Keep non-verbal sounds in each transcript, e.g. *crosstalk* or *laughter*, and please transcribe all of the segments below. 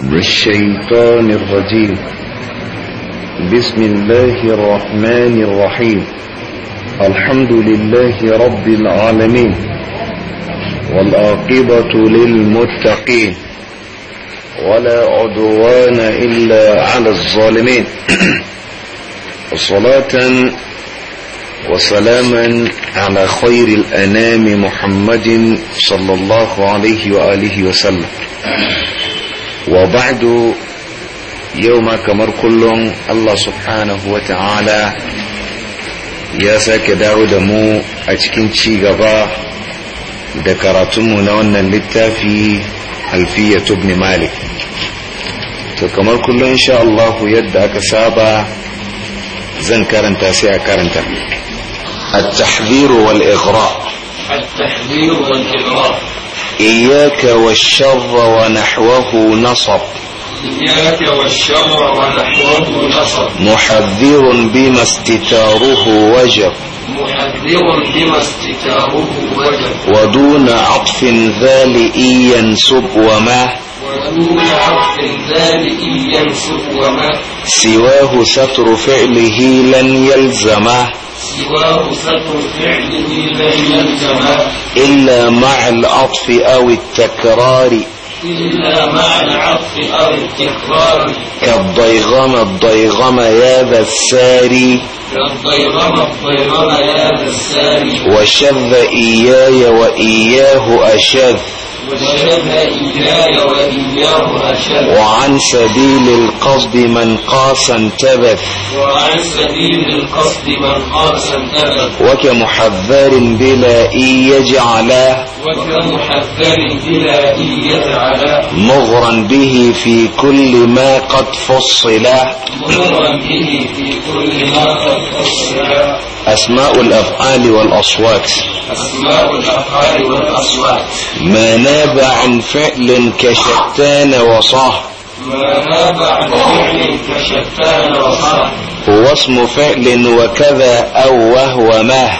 الشيطان الرجيم بسم الله الرحمن الرحيم الحمد لله رب العالمين والآقبة للمتقين ولا عدوان إلا على الظالمين وصلاة وسلاما على خير الأنام محمد صلى الله عليه وآله وسلم wa ba'du yau ma kamar kullum Allah subhanahu wa ta'ala ya sake dawo da mu a cikin ci gaba da karatunmu na wannan littafi alfiya tubni malik to kamar kullum insha Allah yadda aka saba zan karanta sai a karanta التحذير والإغراء التحذير والإغراء إياك والشر ونحوه نصب إياك والشر ونحوه نصب محذر بما استتاره وجب محذر بما استتاره وجب ودون عطف ذال لإي ينسب وما ودون عطف ذلك وما سواه ستر فعله لن يلزمه سواه فعله لن إلا مع العطف أو التكرار إلا مع العطف أو التكرار كالضيغم الضيغم يا ذا الساري كالضيغم الضيغم يا ذا الساري وشذ إياي وإياه أشذ وإياه أشد وعن سبيل القصد من قاس انتبه وعن سبيل القصد من قاس انتبه وكمحذر بلا إي يجعل وكمحذر بلا إي يجعل مغرا به في كل ما قد فصل مغرا به في كل ما قد فصل أسماء الأفعال والأصوات أسماء الأفعال والأصوات ما ناب عن فعل كشتان وصاه ما ناب عن فعل كشتان وصاه هو اسم فعل وكذا أو وهو ما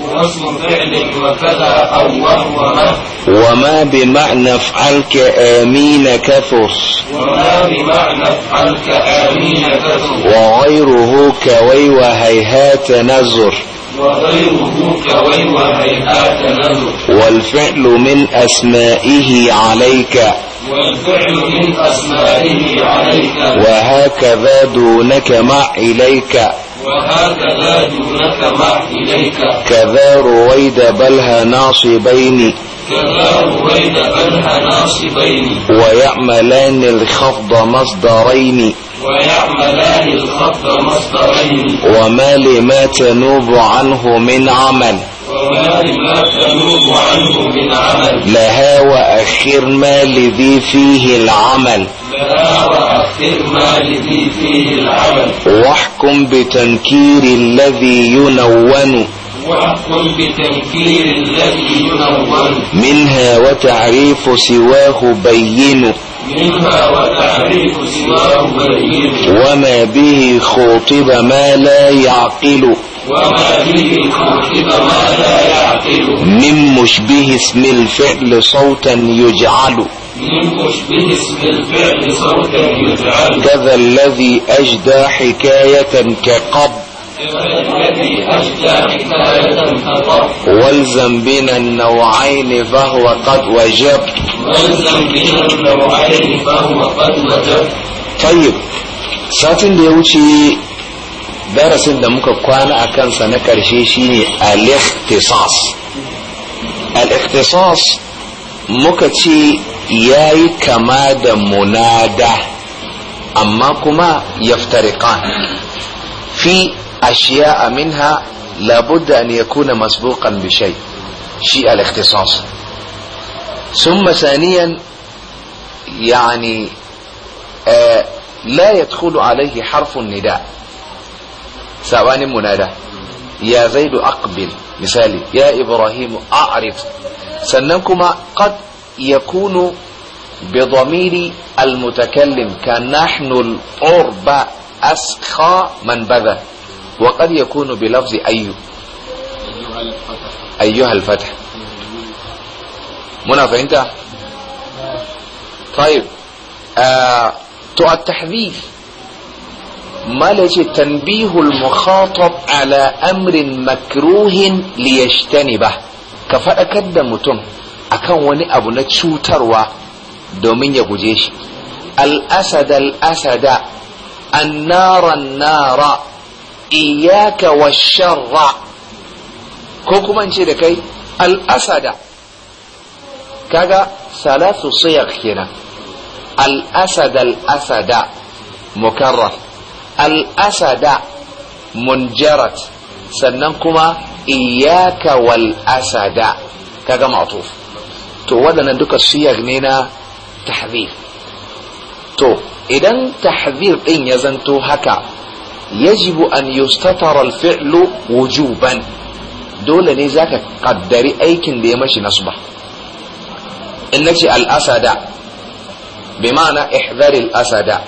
واسم فعلك وكذا أو وهو وما بمعنى افعلك آمين كثر وما بمعنى افعلك آمين كثر وغيره كوي وهيهات نزر وغيره كوي وهيهات نزر والفعل من أسمائه عليك والفعل من أسمائه عليك وهكذا دونك مع إليك وهكذا دونك مع إليك كذا رويد بلها ناصبين كذا رويد بلها ناصبين ويعملان الخفض مصدرين ويعملان الخفض مصدرين وما لما تنوب عنه من عمل لها وأخر ما لذي فيه العمل واحكم بتنكير الذي ينون واحكم بتنكير الذي ينون منها وتعريف سواه بين منها وتعريف سواه وما به خوطب ما لا يعقل من مشبه اسم الفعل صوتا يجعل من مشبه اسم الفعل صوتا يجعل كذا الذي أجدى حكاية كقب والزم بنا النوعين فهو قد وجب والزم بنا النوعين فهو قد وجب طيب ساتن ديوتي darasin da muka kwana a kansa na ƙarshe shine al-ikhtisas al-ikhtisas muka ce yayi kama da munada amma kuma yaftariqan fi ashiya'a minha labudda an yakuna masbuqan bi shay shi al-ikhtisas ثم ثانيا يعني آه لا يدخل عليه حرف النداء سأواني منادى يا زيد أقبل مثالي يا إبراهيم أعرف سننكما قد يكون بضمير المتكلم كنحن القرب أسخى من بدا وقد يكون بلفظ أي أيها الفتح منا فهمت طيب آه، تؤ التحذير mala ce tanbihul mukhatab ala amrin liyashtani ba. ka faɗakar da mutum akan wani abu na cutarwa domin ya guje shi al'asada al'asada annaran nara iyaka wa sharra ko kuma ce da kai al'asada kaga salatu siyak kenan al'asada al'asada mukarrar al'asada munjarat sannan kuma iyaka wal asada kaga ma'tuf to waɗannan duka siyar ne na tahzir to idan tahzir ɗin ya zanto haka yajibu an yustatara al-fi'lu wujuban dole ne zaka kaddari aikin da ya mashi nasba in nace al-asada bi ma'ana ihdari al-asada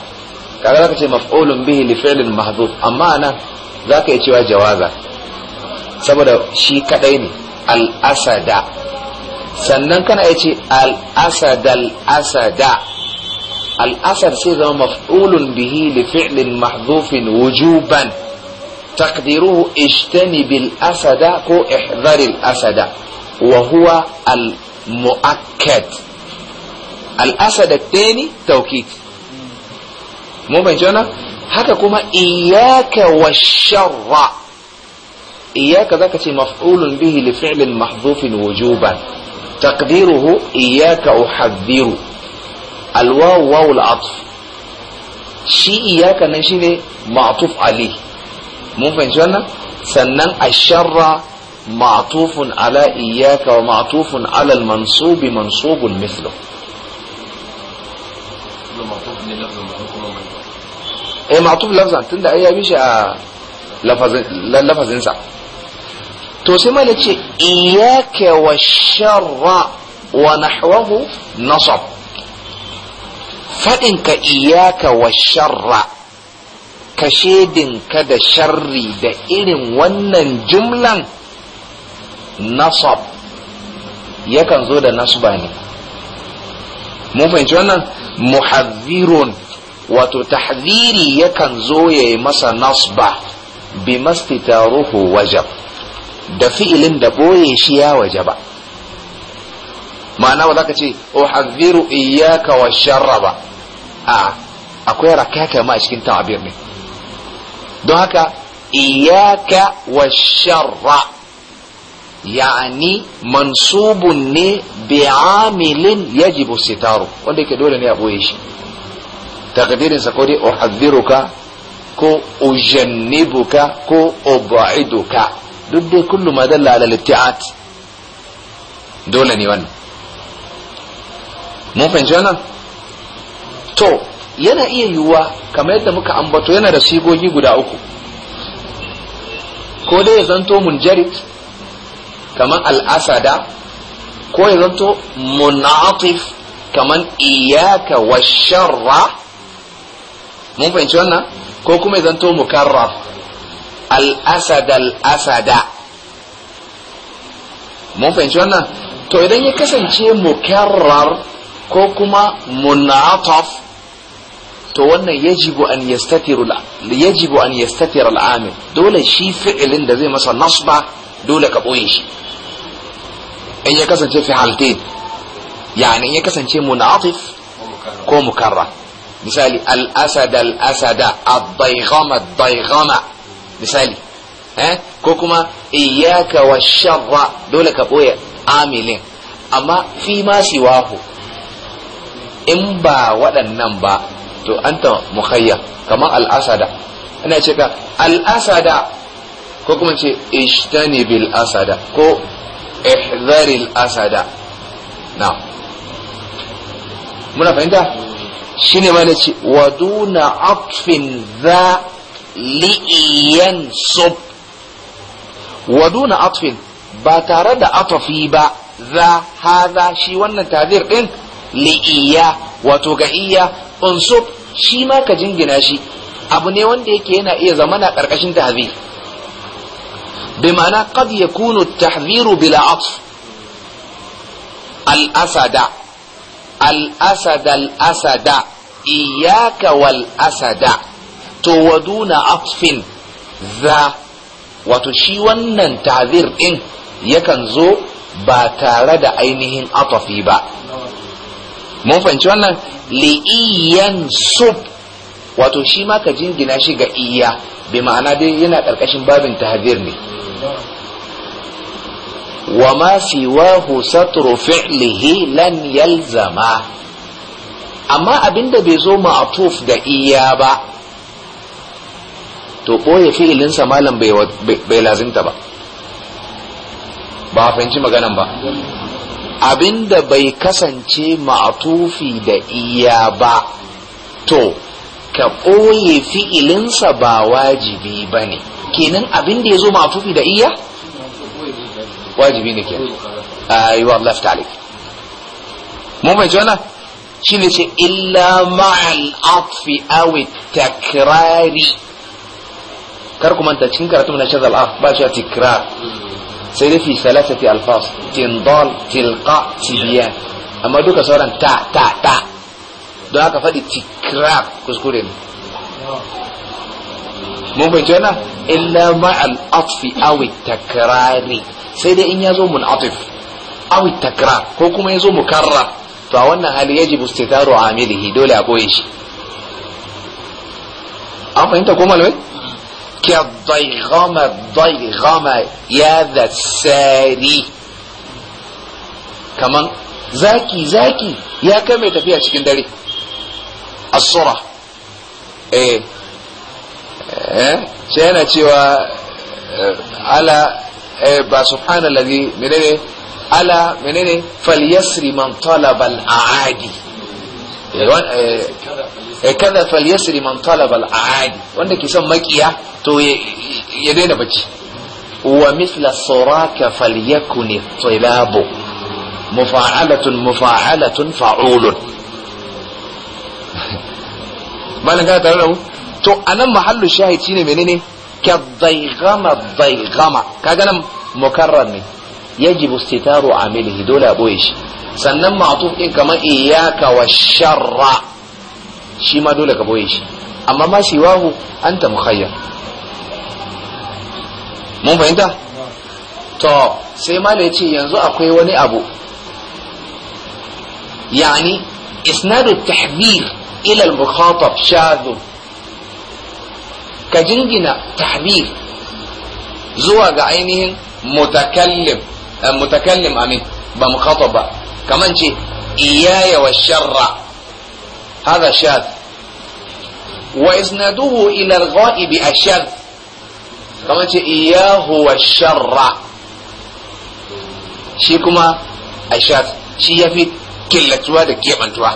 kaga zaka ce maf'ulun bihi li fi'lin mahdhuf amma ana zaka yi cewa jawaza saboda shi kadai ne al-asada sannan kana iya ce al-asada al-asada al-asad sai zama maf'ulun bihi li fi'lin mahdhufin wujuban taqdiruhu ijtanib al-asada ko ihdhar al-asada wa huwa al-muakkad al-asada tani tawkid mun bayyana wannan haka kuma iyaka wa sharra iyaka zaka ce maf'ulun bihi li fi'lin mahdhufin wujuban taqdiruhu iyaka uhadhiru alwaw waw waw shi iyaka nan shine ma'tuf ali mun fahimci wannan sannan asharra معطوف على إياك ومعطوف على المنصوب منصوب مثله eh ma'tuf lafzan tunda ai ya bi shi a lafazin sa to sai mai ce iyyaka washarra wa nahwahu nasab fadin ka iyyaka washarra ka ka da sharri da irin wannan jumlan nasab yakan zo da nasba ne mun fahimci wannan muhadhirun wato tahziri yakan zo ya yi masa nasba bi taruhu wajab da fi'ilin da boye shi ya wajaba ma'ana ba za ka ce uhadhiru iyyaka wa sharra ba a akwai rakaka ma a cikin ta'abir ne don haka iyyaka wa sharra yani mansubun ne bi amilin yajibu sitaru wanda yake dole ne a boye shi takdirinsa ko dai uhadhiruka ko ujannibuka ko ubaiduka duk dai kullu ma dalla ala dole ne mun fahimci wannan to yana iya yiwuwa kamar yadda muka ambato yana da sigogi guda uku ko dai ya zanto munjarit kamar al'asada ko ya zanto munatif kamar iyaka wa mun fahimci wannan ko kuma zanto mukarrar al-asad al-asada mun fahimci wannan to idan ya kasance mukarrar ko kuma munataf to wannan yajibu an yajibu an yastatira al-amil dole shi fi'ilin da zai masa nasba dole ka boye shi in ya kasance fi yani in ya kasance munatif ko mukarrar misali al-asad al-asada ad-dayghama misali eh ko kuma iyyaka wash-sharra dole ka boye amilin amma fi ma siwahu in ba waɗannan ba to anta mukhayya kamar al ana ina ce ka al-asada ko kuma ce ishtani bil asada ko ihdharil asada na muna fahimta shine ne nace ce? Waduna atfin za li'iyan sub atfin ba tare da atafi ba za haza shi wannan tazir din li'iya wato ga iya shi ma ka jingina shi abu ne wanda yake yana iya zamana ƙarƙashin tahzir bi ma'ana qad yakunu tahziru bila atf al-asada الأسد الأسد إياك والأسد to waduna atfin za wato shi wannan tazir ɗin yakan zo ba tare da ainihin afafi ba mun fahimci wannan li'iyan sup wato shi ma ka jingina shi ga iya bai ma'ana dai yana ƙarƙashin babin tahzir ne wa سواه ستر فعله لن lan yalzama amma abinda bai zo ma'atuf da iya ba to ɓoye fi'ilinsa malam bai lazimta ba ba fahimci maganan ba abinda bai kasance ma'atufi da iya ba to ka ɓoye fi'ilinsa ba wajibi ba ne kenan abinda ya zo ma'atufi da iya واجبينك آه، ايوه الله يفتح عليك مو مجانا شنو الا مع العطف او التكرار كركم انت شنو كرت من هذا العطف باش تكرار سيدي في ثلاثه الفاظ تنضال تلقى تبيان اما دوكا صار تا تا تا دوكا فادي تكرار كسكورين مو مجانا الا مع العطف او التكرار sai dai in ya zo mun'atif aw takra ko kuma ya zo mukarrar to a wannan hali yajib istitaru amilihi dole a boye shi an fahimta ko malamai Ke daygama daygama ya da sari kaman zaki zaki ya kai mai tafiya cikin dare asura eh eh sai yana cewa eh, ala Eh, ba subhanallazi menene ala menene falyasri man talaba al'adi eh, eh, kada falyasri man talaba al'adi wanda ke son makiya to ya daina bacci wa mithla saraka falyakun tilabu mufa'alatun mufa'alatun fa'ulun *laughs* malan ka tare da mu to anan mahallu shahid shine menene كالضيغمة الضيغمة كاغنا مكرر ne يجب استتار عامله دول بويش sannan ma'atuf din kamar iyaka wa sharra shi ma dole ka boye amma ma shi mun fahimta to sai ma ya ce yanzu akwai wani abu yani isnadu tahbir ila al-mukhatab shadhu ka jingina tahbir zuwa ga ainihin mutakallim eh, mutakallim amin ba mu mukhatab ba kaman ce iyaya wa sharra hada shad wa isnaduhu ila al-ghaib ashad kaman ce iyahu wa sharra shi kuma ashad shi yafi killatuwa da kebantuwa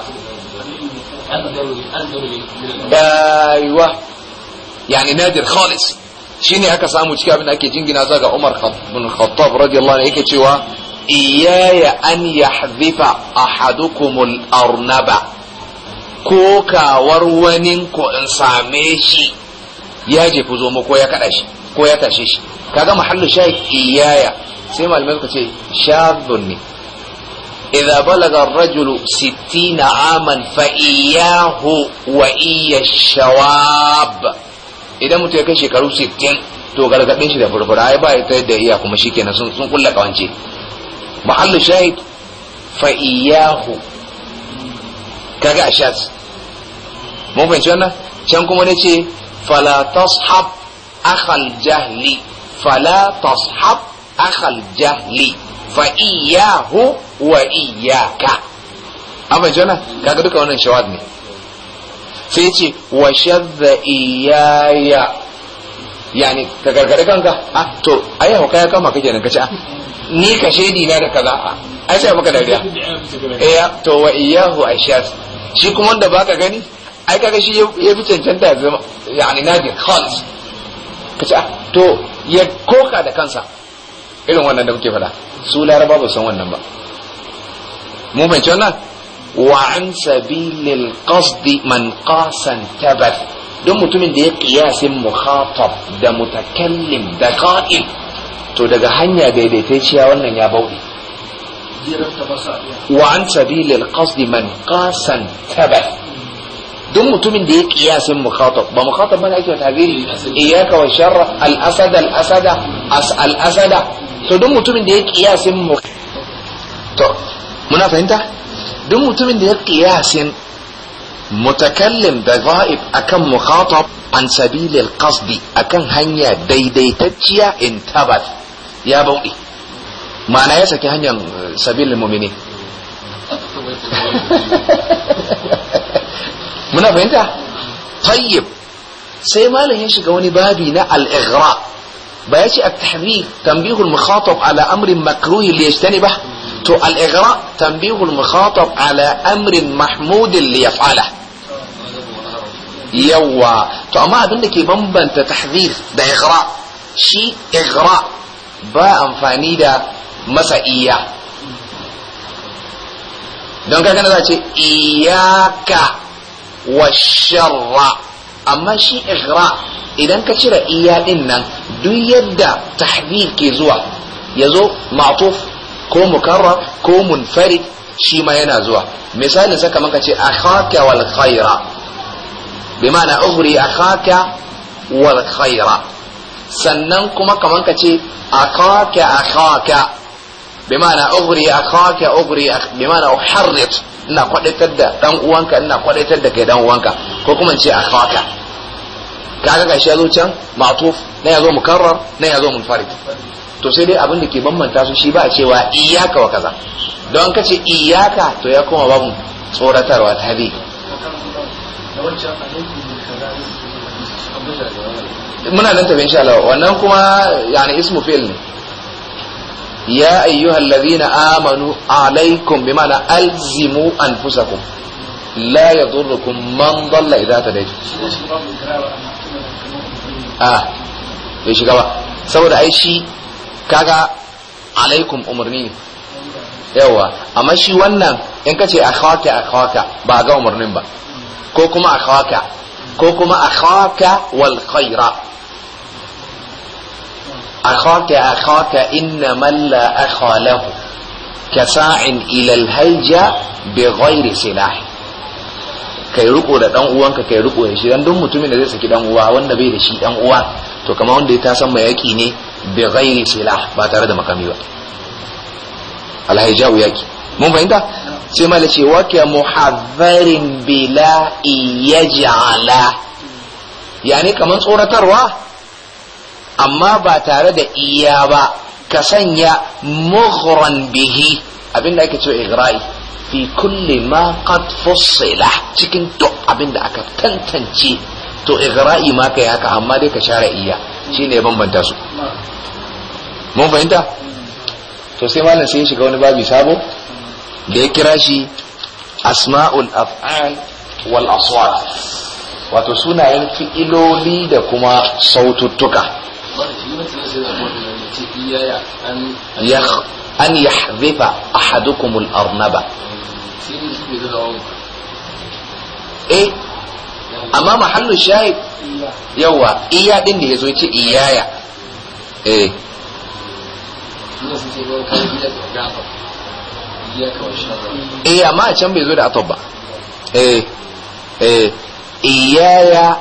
aiwa yani nadir khalis shine aka samu cikin abin ake jingina za ga Umar bin Khattab radiyallahu anhu yake cewa iyaya an yahdhifa ahadukumul arnaba ko kawar wani ko in same shi ya jefu zo mu ko ya kada shi ko ya tashe shi kaga mahallu shayi iyaya sai malamai suka ce shadun ne idza balaga ar-rajulu 60 aman fa iyahu wa iya shawab idan mutum ya kai shekaru 60 to gargaɗe shi da furfura ai ba ta yadda iya kuma shi kenan sun kulla kawance mahallu shahid fa iyahu kaga ashat mun fahimci wannan can kuma ne ce fala tashab akhal jahli fala tashab akhal jahli fa iyahu wa iyaka abin jana kaga duka wannan shawad ne sai ce wa shadda iyaya yani ka gargade kanka a ah, to ai hauka ya kama kake nan kace ah, ni ka shaidi na da kaza ah, ai sai maka dariya eh to wa iyahu ashas shi kuma wanda baka gani ai kaga shi ya fi cancanta ya zama yani nadir khans kace to ya koka da kansa irin wannan da muke faɗa su laraba ba san wannan ba mu fahimci wannan وعن سبيل القصد من قاسا كبر don mutumin da ya kiyasin mukhatab da mutakallim da qa'il to daga hanya daidaitaiciya wannan ya bauɗe wa an sabil al man qasan tabar don mutumin da ya kiyasin mukhatab ba mukhatab bane ake tabiri iyyaka wa sharra al-asad al-asad al-asad to don mutumin da ya muna fahimta دم mutumin da ya متكلم بغائب أكم مخاطب عن سبيل القصد أكم هنيا دي تجيا انتبت يا بوئي إيه؟ ما أنا يسكي هنيا سبيل المؤمنين *laughs* من أفهمت طيب سيما لهيش قواني بابينا الإغراء بياتي التحذير تنبيه المخاطب على أمر مكروه ليجتنبه الإغراء تنبيه المخاطب على أمر محمود ليفعله يوا تو أما أبنك بمبن تتحذير ده إغراء شي إغراء با أنفاني ده مسائية دونك أنا إياك والشر أما شي إغراء إذا كتير ايا إنن دو يد تحذير كي زوا يزو معطوف ko mukarrar ko munfarid shi ma yana zuwa misalin saka maka ce akhaka wal khaira bi ma'ana ukhri akhaka wal khaira sannan kuma kaman ka ce akhaka akhaka bi ma'ana ukhri akhaka ukhri bi ma'ana uharrit ina kwadaitar da dan uwanka ina kwadaitar da kai dan uwanka ko kuma ce akhaka kaga gashi yazo can ma'tuf na yazo mukarrar na yazo munfarid to sai dai abin da ke bambanta su shi ba a cewa iyaka wa kaza don ka ce iyaka to ya kuma babu tsoratarwa ta bi muna nan tafi insha Allah wannan kuma yani ismu fi'l ne ya ayyuhal ladina amanu alaikum bi ma'ana alzimu anfusakum la yadurrukum man dalla idza tadaytu ah bai shiga ba saboda ai shi kaga alaikum umarni yawa amma shi wannan in ka ce akhawaka akhawaka ba ga umarnin ba ko kuma akhawaka ko kuma akhawaka wal khaira akhawaka akhawaka inna man la akhalahu kasa'in ila al hayja bi ghairi silah kai riko da dan uwanka kai riko da shi dan mutumin da zai saki dan uwa wanda bai da shi dan uwa to kamar wanda ya ta san mai yaki ne bi ghairi silah ba tare da makami ba alhaijau yaki mun fahimta sai ma ce wa ka muhadharin bila ya yani kaman tsoratarwa amma ba tare da iya ba ka sanya mughran bihi abinda ake cewa igra'i fi kulli ma qad fussila cikin duk abinda aka tantance to igra'i ma kai haka amma dai ka share iya ne ya bambanta su mun fahimta to sai malam sai ya shiga wani babi sabo da ya kira shi asma'ul af'al wal aswat wato sunayen fi'iloli da kuma saututtuka an yahzifa ahadukumul arnaba eh amma mahallu shahid yawa iya din da yazo yace iyaya eh eh amma a can bai zo da atab ba eh eh iyaya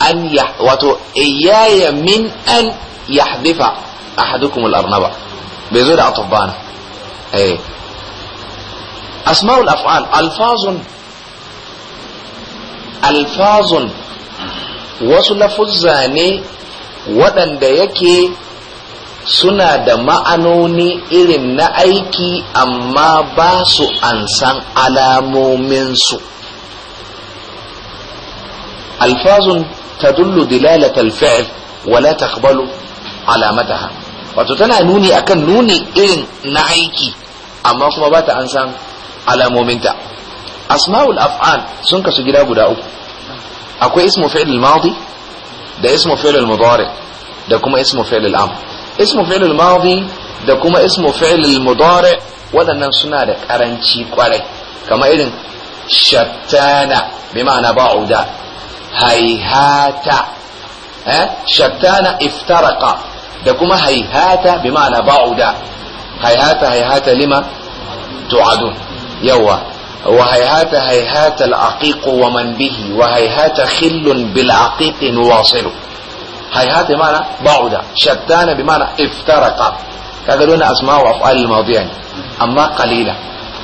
an ya wato iyaya min an yahdifa ahadukum al-arnaba bai zo da atab ba na eh asma'ul af'al alfazun alfazun wasu lafuzza ne waɗanda yake suna da ma'anoni irin na aiki amma ba su ansan alamominsu alfazun tadullu alfi'l wa wala taqbalu alamataha wato tana nuni akan nuni irin na aiki amma kuma ba ta an san alamominta asma'ul af'al sun kasu gida guda uku akwai ismu fi'l al-madi da ismu fi'l al-mudari da kuma ismu fi'l al-amr ismu fi'l al-madi da kuma ismu fi'l al-mudari waɗannan suna da karanci kwarai kamar irin shattana bi ma'ana ba'uda haihata eh shattana iftaraqa da kuma haihata bi ma'ana ba'uda haihata haihata lima tu'adun yawa وهيهات هيهات العقيق ومن به وهيهات خل بالعقيق نواصل هيهات بمعنى بعد شتان بمعنى افترق كذلك أسماء وأفعال الماضية أما قليلة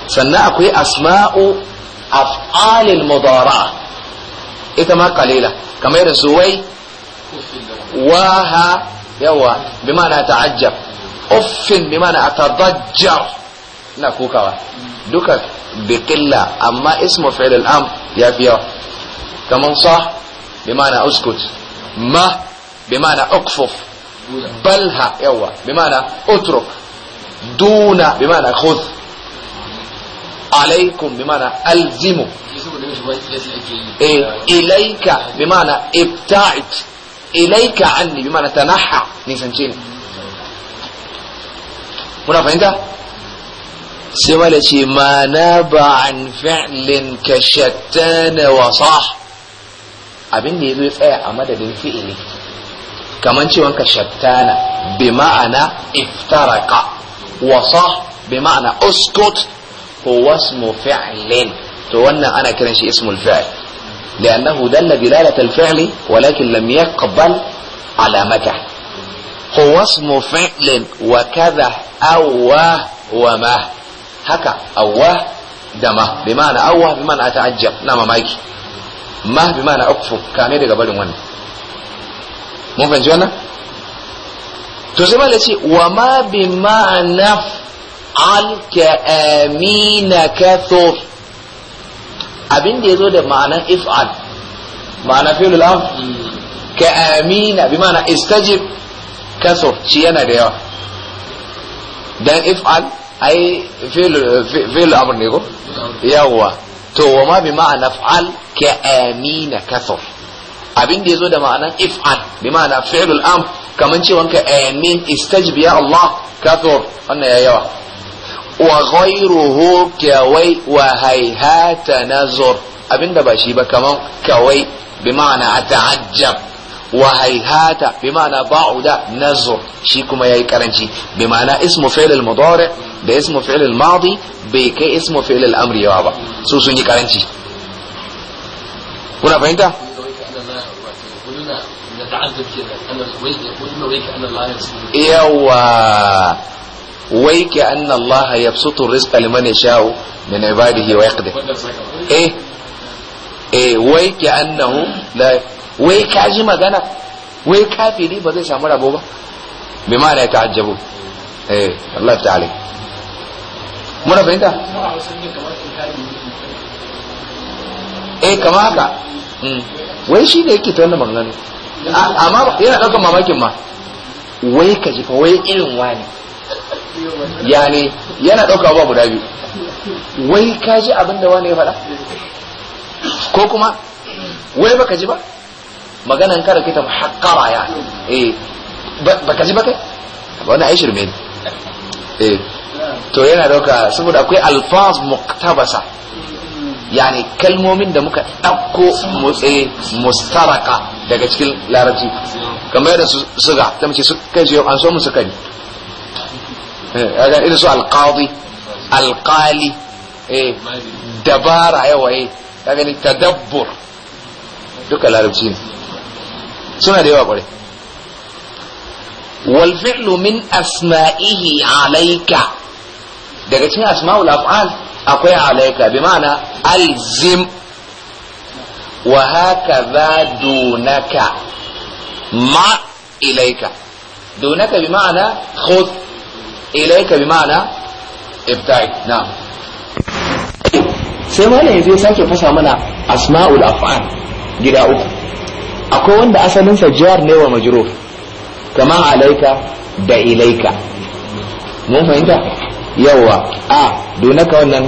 سنة أسماء أفعال المضارعة ما قليلة كما يرزوي واها يوا بمعنى تعجب أف بمعنى أتضجر نكوكا duka bi qilla amma ismu fi'l al-am ya fiya kaman sah bima'ana uskut ma bima'ana uqfuf balha yawa bima'ana utruk duna bima'ana khudh alaikum bima'ana alzimu ilaika bima'ana ibta'id ilaika anni bima'ana tanaha nisancini muna fahimta sai mala ce ma na ba an fi'lin ka shattana wa sah abin da ya zo tsaya a madadin fi'ili kamar cewa ka shattana bi ma'ana iftaraka wa sah bi ma'ana uskut huwa ismu fi'lin to wannan ana kiran shi ismul fi'l لأنه دل دلالة الفعل ولكن لم يقبل علامته هو اسم فعل وكذا أو وما haka awwa da ma bi ma'ana awwa bi ma'ana ta'ajjab na mamaki ma bi ma'ana akfu kame daga barin wannan mun fahimci wannan to sai malai ce wa ma bi ma'ana alka amina kathur abin da yazo da ma'anan if'al ma'ana fi'lul am ka amina bi ma'ana istajib kasur shi yana da yawa dan if'al ai fi'il amr ne ko yawwa to wa ma bi ma'ana fa'al ka amina kasar abin da yazo da ma'anan if'al bi ma'ana fi'il amr kaman cewan ka amin istajbi ya Allah kasar wannan ya yawa wa ghayruhu kawai wa hayhata abinda ba shi ba kaman kawai bi ma'ana ata'ajjab wa haihata bi ma'ana ba'uda nazo shi kuma yayi karanci bi ma'ana ismu fi'l al da ismu fi'l al-madi bai kai ismu fi'l amri yawa ba sun yi karanci kuna fahimta yawa waike anna Allah yabsutu rizqa liman wai ka ji magana wai kafiri ba zai samu rabo ba bi ma da ya ta'ajjabu eh Allah ta'ala muna fahimta eh kama haka hmm. wai shi ne yake ta magana. maganganu amma yana ɗaukar mamakin ma wai ka ji fa wai irin wani yani yana ɗauka ba guda biyu wai ka ji abin da wani ya faɗa ko kuma wai baka ji ba maganan ka rakita muhaqqara ya eh baka ji ba kai wani ai shirme ne eh to yana dauka saboda akwai alfaz muktabasa yani kalmomin da muka ɗauko mutse eh, mustaraka daga cikin larabci kamar yadda su suga ta mace kai su yau an so musu kari eh, ga irin su alqadi alqali eh dabara yawaye eh, ka gani tadabbur duka larabci ne suna da yawa kwarai wal fi'lu min asma'ihi alaika. daga cikin asma'ul af'al akwai alaika. bi ma'ana alzim wa hakaza dunaka ma ilaika. dunaka bi ma'ana khudh ilaika bi ma'ana ibta'i na'am sai malam yanzu ya sake fasa mana asma'ul af'al gida uku akwai wanda asalinsa jar ne wa majruf kama alaika da ilaika mun fahimta yawa a donaka wannan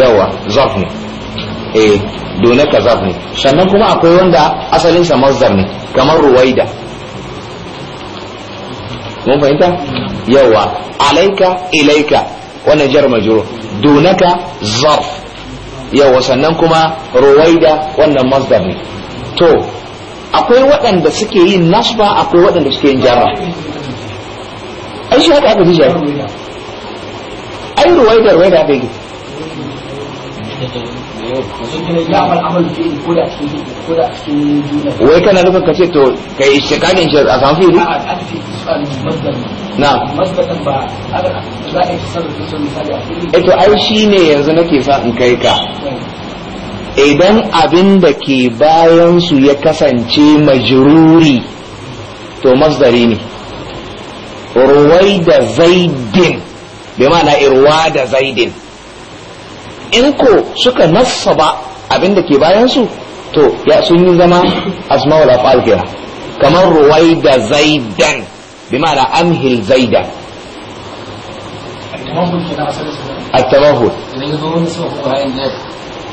yawa zarf ne eh donaka zarf ne sannan kuma akwai wanda asalinsa mazdar ne kamar ruwaida mun fahimta yawa alaika ilaika wannan jar majruf donaka zaf yawa sannan kuma ruwaida wannan masdar ne to akwai waɗanda suke yin nasba akwai waɗanda suke yin jarra ai shi haka aka jari ai ruwaidar wai da bai wai kana nufin ka ce to ka yi shekagen shi a samu fili na eto eh ai shi ne yanzu nake sa in kai ka idan abin da ke bayansu ya kasance majruri to masdari ne ruwai da zaidin bai ma'ana irwa da zaidin in ko suka ba abin da ke bayansu to ya sun yi zama asma'ul af'al kamar ruwai da zaidan bi ma'ana amhil zaidan a tamahul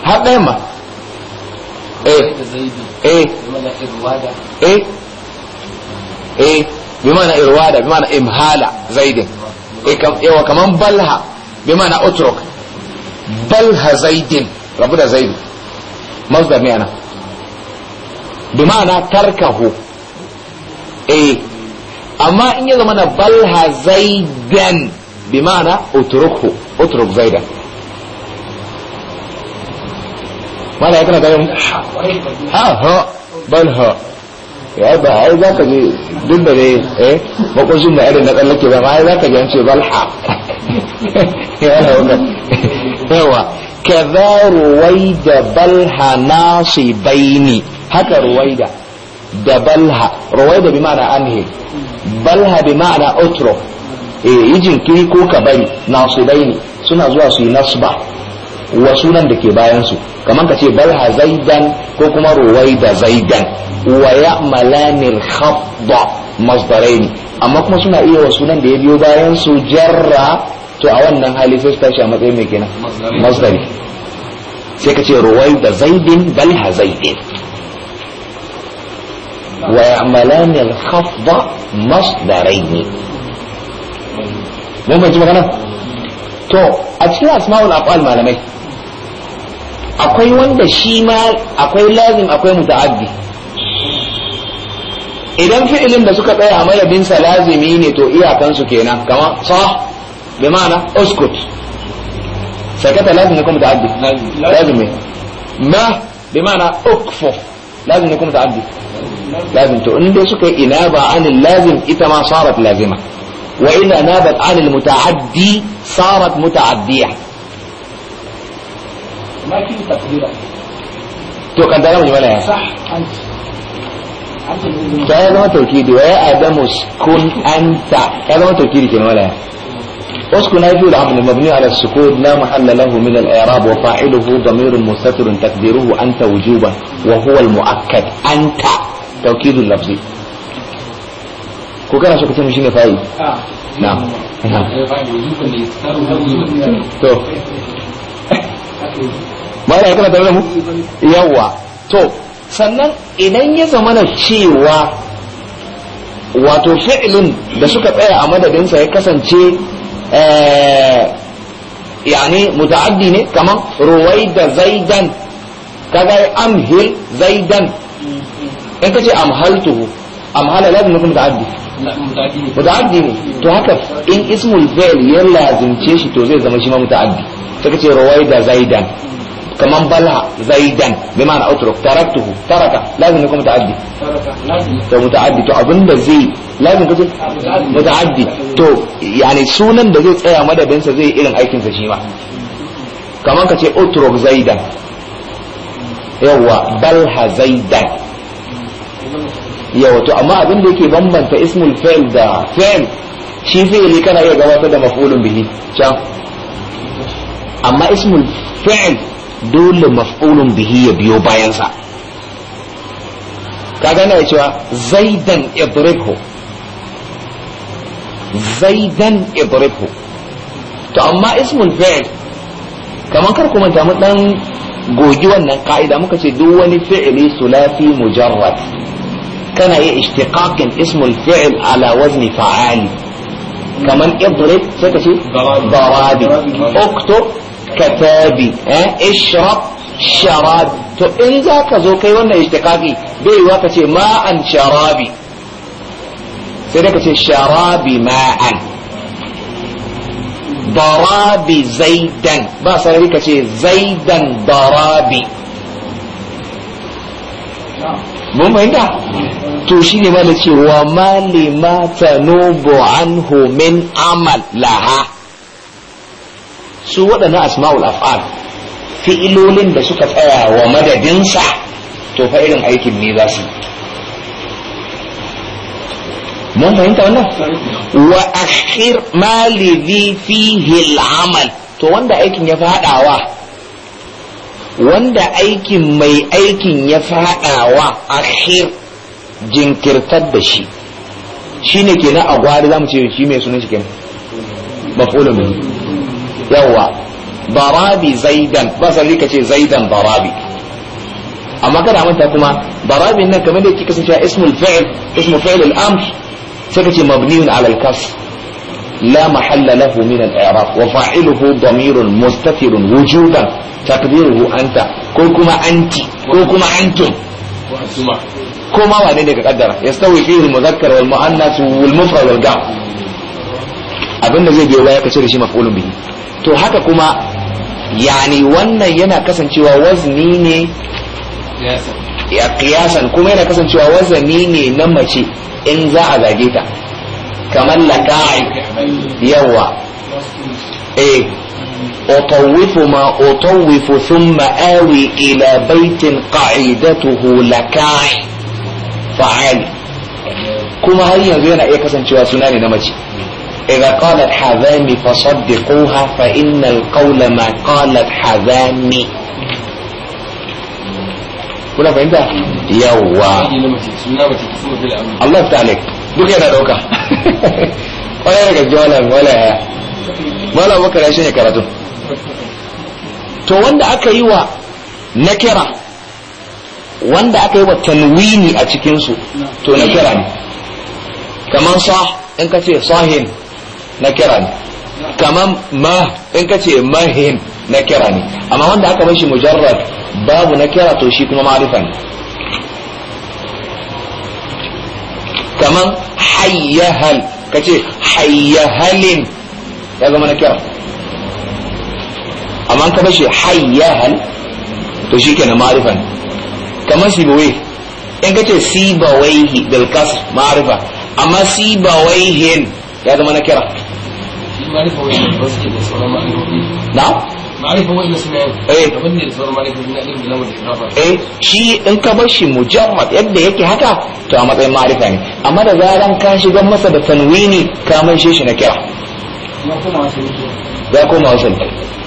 har ɗayan ma eh eh, eh. eh. bi mana irwada bi mana imhala zaidin eh, yawa kaman balha bi mana utruk balha zaidin rabu da zaidi masdar ne ana bi mana tarkahu eh amma in ya zama na balha zaidan bi mana utruku utruk zaidan mala kana ganin ha ha bal ha ya ba ai za ka je duk da dai eh makoshin da irin da tsallake ba ai za ka je an ce bal ha ya na wannan yawa kaza na balha baini haka ruwaida da balha ruwaida bi ma'ana anhi balha bi ma'ana utro eh yi jinkiri ko ka bari nasibaini suna zuwa su yi nasba wa sunan da ke bayan su kamar ka ce balha zaidan ko kuma ruwai da zaidan wa ya'malanil khafda masdaraini amma kuma suna iya wa sunan da ya biyo bayan su jarra to a wannan hali sai su tashi a matsayin mai kenan masdari sai ka ce ruwai da zaidin balha zaidin ويعملان الخفض masdaraini. mun fahimci magana to a cikin asma'ul af'al malamai akwai wanda shi ma akwai lazim akwai muta'addi idan fi'ilin da suka tsaya mai madadinsa lazimi ne to su kenan kama sa bi ma'ana uskut sakata lazim ne kuma muta'addi lazimi ma bi ma'ana ukfu lazim ne kuma muta'addi lazim to inda suka yi inaba anil lazim ita ma sarat lazima wa ina nabat anil muta'addi sarat muta'addiya ما في تقديرك to kan da mu mana sah ta zama taukidi wa ya adamu kun anta ya zama taukidi kenan wala اسكن أي العمل مبني على السكون لا محل له من الإعراب وفاعله ضمير مستتر تقديره أنت وجوبا وهو المؤكد أنت توكيد اللفظي كوكا سوكتين مشينا فايد آه. نعم نعم أيوة، تو ma'ana kana tare da mu yawa to sannan idan ya zamana cewa wato fi'ilin da suka tsaya a madadinsa ya kasance eh, yani muta'addi ne kaman ruwai da zaidan kaga amhil zaidan in ka ce amhala lazim nufin muta'addi muta'addi ne to haka in ismul fa'il ya lazimce shi to zai zama shi ma muta'addi sai kace rawaida zaidan kaman bala zaidan bi ma'ana utruk taraktuhu taraka lazim ne kuma muta'addi to to abinda zai lazim kace to yani sunan da zai tsaya madadin sa zai irin aikin sa shi ma kaman kace utruk yawa balha zaidan ya wato amma abin da yake bambanta ismul fa'il da fa'il shi fi'ili kana iya gabatar da maf'ulun bihi can amma ismul fa'il dole maf'ulun bihi ya biyo bayansa ka gane cewa zaidan idriku zaidan idriku to amma ismul fa'il kaman kar ku manta mu dan gogi wannan ka'ida muka ce duk wani fi'ili sulafi mujarrad كان ايه اشتقاق اسم الفعل على وزن فعال كمان اضرب ستة ضرابي اكتب كتابي اه اشرب شراب تو ان ذاك زو كي وانا اشتقاقي بي وكتي ماء شرابي سيدك شرابي ماء ضرابي زيدا بس عليك زيدا ضرابي نعم. mun fahimta to shi ne mana cewa mali ma tanubu anhu min amal laha su waɗannan asma'ul af'al fi'ilolin da suka tsaya wa madadinsa to fa irin aikin ne za su mun fahimta wannan wa akhir mali fihi amal to wanda aikin ya fi wanda aikin mai aikin ya faɗawa akhir jinkirtar da shi shine kenan agwari za mu ce shi mai sunan shi kenan maf'ulun bihi yawa barabi zaidan ba basali ce zaidan barabi amma kada manta kuma barabi nan kamar da yake kasancewa ismul fi'l ismul fi'l al-amr sai ce mabniun ala al-kasr لا محل له من الإعراب وفاعله ضمير مستتر وجوبا تقديره أنت كوكما أنت كوكما أنتم كما وانين يقدر يستوي فيه المذكر والمؤنث والمفرد والجمع abin da zai biyo baya kace da shi maf'ulun bihi to haka kuma yani wannan yana kasancewa wazni ne ya Kiyasan kuma yana kasancewa wazani ne na mace in za a zage ta kamar laka'i يوا ايه أطوف ما أطوف ثم آوي إلى بيت قاعدته لكاعي فعال كما هي يزين ايه كسن شوى سنان نمجي إذا قالت حذامي فصدقوها فإن القول ما قالت حذامي كلها فهمتها؟ يوا الله يفتح عليك duk yana dauka wani daga gaske wala wala yaya wala bakar ya ne karatu to wanda aka yi wa nakira wanda aka yi wa tanwini a cikinsu su to nakira ne kaman sa in ka ce sahin nakira ne kaman ma in ka ce mahin nakira ne amma wanda aka bar shi mujarrad babu nakira to shi kuma ma'rifa ne kaman hayyahal ka ce ya zama na kyau amma ka bashi hayyahal to shi kenan marifan ne kamar sibawai in ka ce sibawaihi bil kasr ma'arifa amma sibawaihin ya zama na kira na Eh. eh shi in ka bar shi mujammad yadda yake haka to a matsayin ma'arifa ne amma da zaran ka shiga masa da tanwini ka manshe shi na kira za koma wasu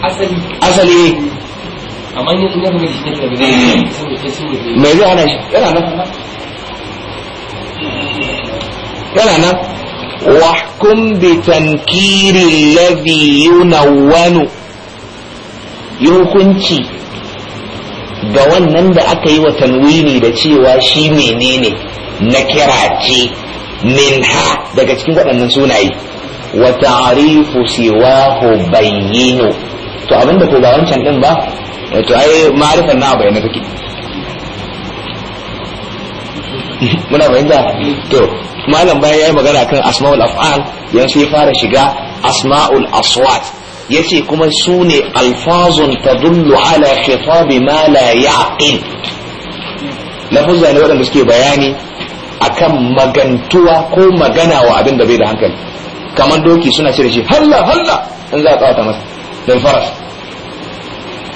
asali asali amma ne in ya da shi ne me zai ana shi yana nan yana nan واحكم بتنكير الذي ينون yi hukunci ga wannan da aka yi wa tanwini da cewa shi menene na kira ce minha daga cikin waɗannan sunaye wa ta'rifu siwahu bayyinu to abinda ko ba wancan din ba to ai ma'rifan na bayyana take *laughs* muna fahimta to malam bayan yayi magana kan asma'ul af'al yanzu ya fara shiga asma'ul aswat yace kuma su ne alfazun ta dullu ala khitabi ma la yaqil lafuzza ne waɗanda suke bayani akan magantuwa ko magana wa abin da bai da hankali kamar doki suna cire shi halla halla in za a kawata masa da faras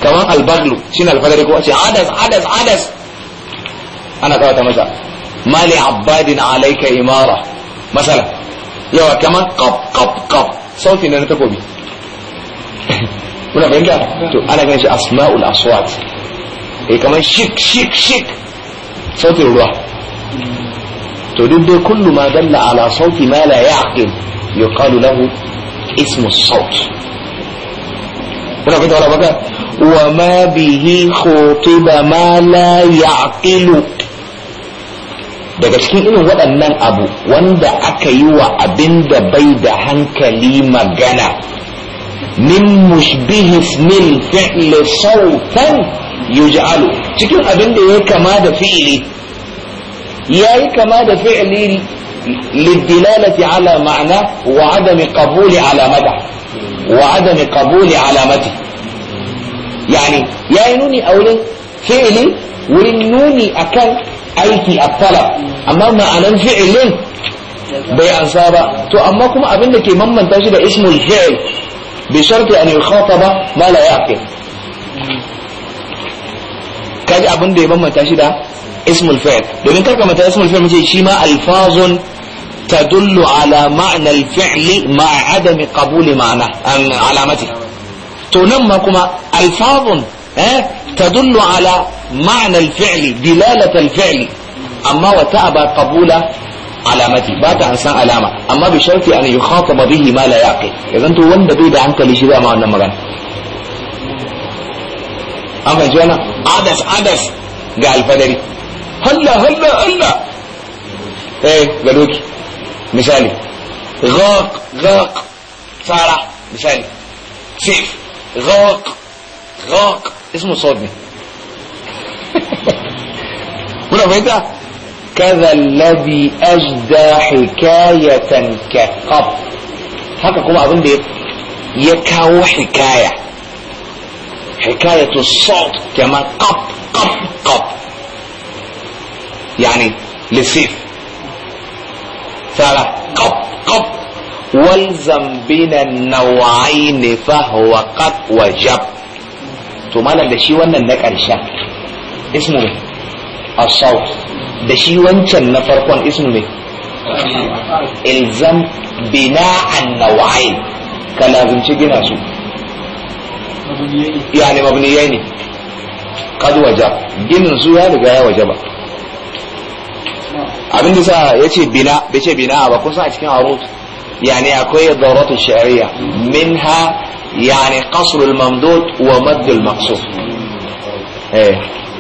kamar albaglu shine alfadari ko a ce adas adas adas ana kawata masa mali abadin alaika imara masala yawa kamar qab qab qab sauti ne na takobi kuna fahimta to ana ganin shi asma'ul aswat eh kamar shik shik shik sautin ruwa to duk dai kullu ma dalla ala sauti ma la yaqil yuqalu lahu ismu saut kuna fahimta wala baka wa ma bihi khutiba ma la yaqilu daga cikin irin waɗannan abu wanda aka yi wa abin da bai da hankali magana min mushbihi min fi'li sautan yuj'alu cikin abin da ya kama da fi'ili yayi kama da fi'ili للدلالة على معنى وعدم قبول علامته وعدم قبول علامته يعني يا نوني أولين فعلي ولنوني أكل أيكي الطلب أما معنى فعلين bai ansa ba to amma kuma abin da ke mamanta shi da ismun fi'l بشرط أن يخاطب ما لا يعقل كاجي أبن دي بما تشيدا اسم الفعل دي من كاكما اسم الفعل مثل شيما ألفاظ تدل على معنى الفعل مع عدم قبول معنى علامته تنمى كما ألفاظ أه؟ تدل على معنى الفعل دلالة الفعل أما وتأبى قبول alamati ba ta an san alama amma bi sharti an yukhataba bihi ma la yaqil ya zanto wanda bai da hankali shi zai ma wannan magana an fahimci wannan adas adas ga alfadari halla halla halla eh ga doki misali غاق غاق سارة مثالي سيف غاق غاق اسمه صوت مين kuna fahimta كذا الذي أجدى حكاية كقب هكا كما أظن بيه يكاو حكاية حكاية الصوت كما قب قب قب يعني لسيف فلا قب قب والزم بين النوعين فهو قب وجب ثم لا لشي وانا اسمه as-sawt da shi wancan na farkon ismu ne ilzam bina'an nawai ka lazumci gina su yani mabniyai ne kad waja ginin su ya riga ya waje ba abin da sa ya ce bina bai ce bina ba kusa a cikin arut yani akwai daratu shari'a Min minha yani qasrul mamdud wa maddul maqsud eh.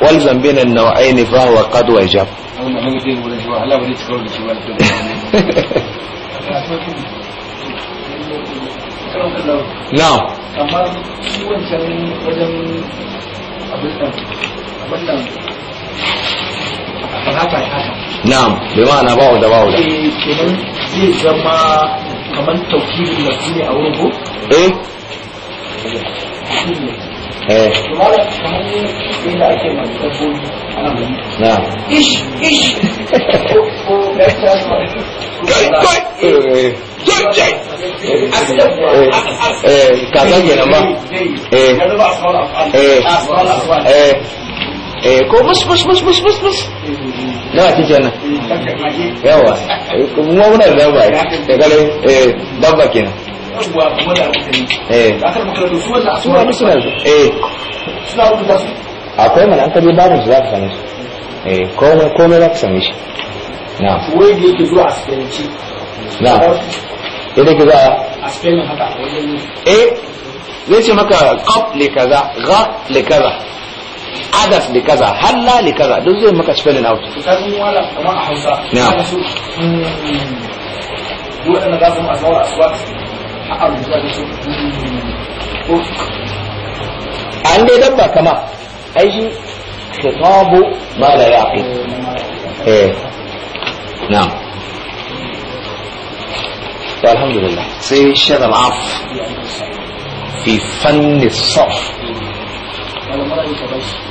walzam bin na nawain fa huwa qad wajab now amma wancan wajen abin wannan zai zama kamar eh ba ko mus mus mus mus mus mus yawa da kenan yawwa kuma da abokan eh akar makarantu su wannan su wannan suna eh. eh suna rubuta su akwai mana an kaje babu za ka same shi eh komai komai za ka same shi na wai da yake zuwa a spellinci na yadda ke za a spellin haka eh zai ce maka qaf li kaza gha li kaza adas li kaza halla li kaza duk zai maka spelling out ka wala kamar a Hausa na su hmm, waɗanda za su asawar aswat an dai dabba kama ai shi khitabu ma la yaqi eh na'am الحمد لله سي الشيخ العاف في فن الصرف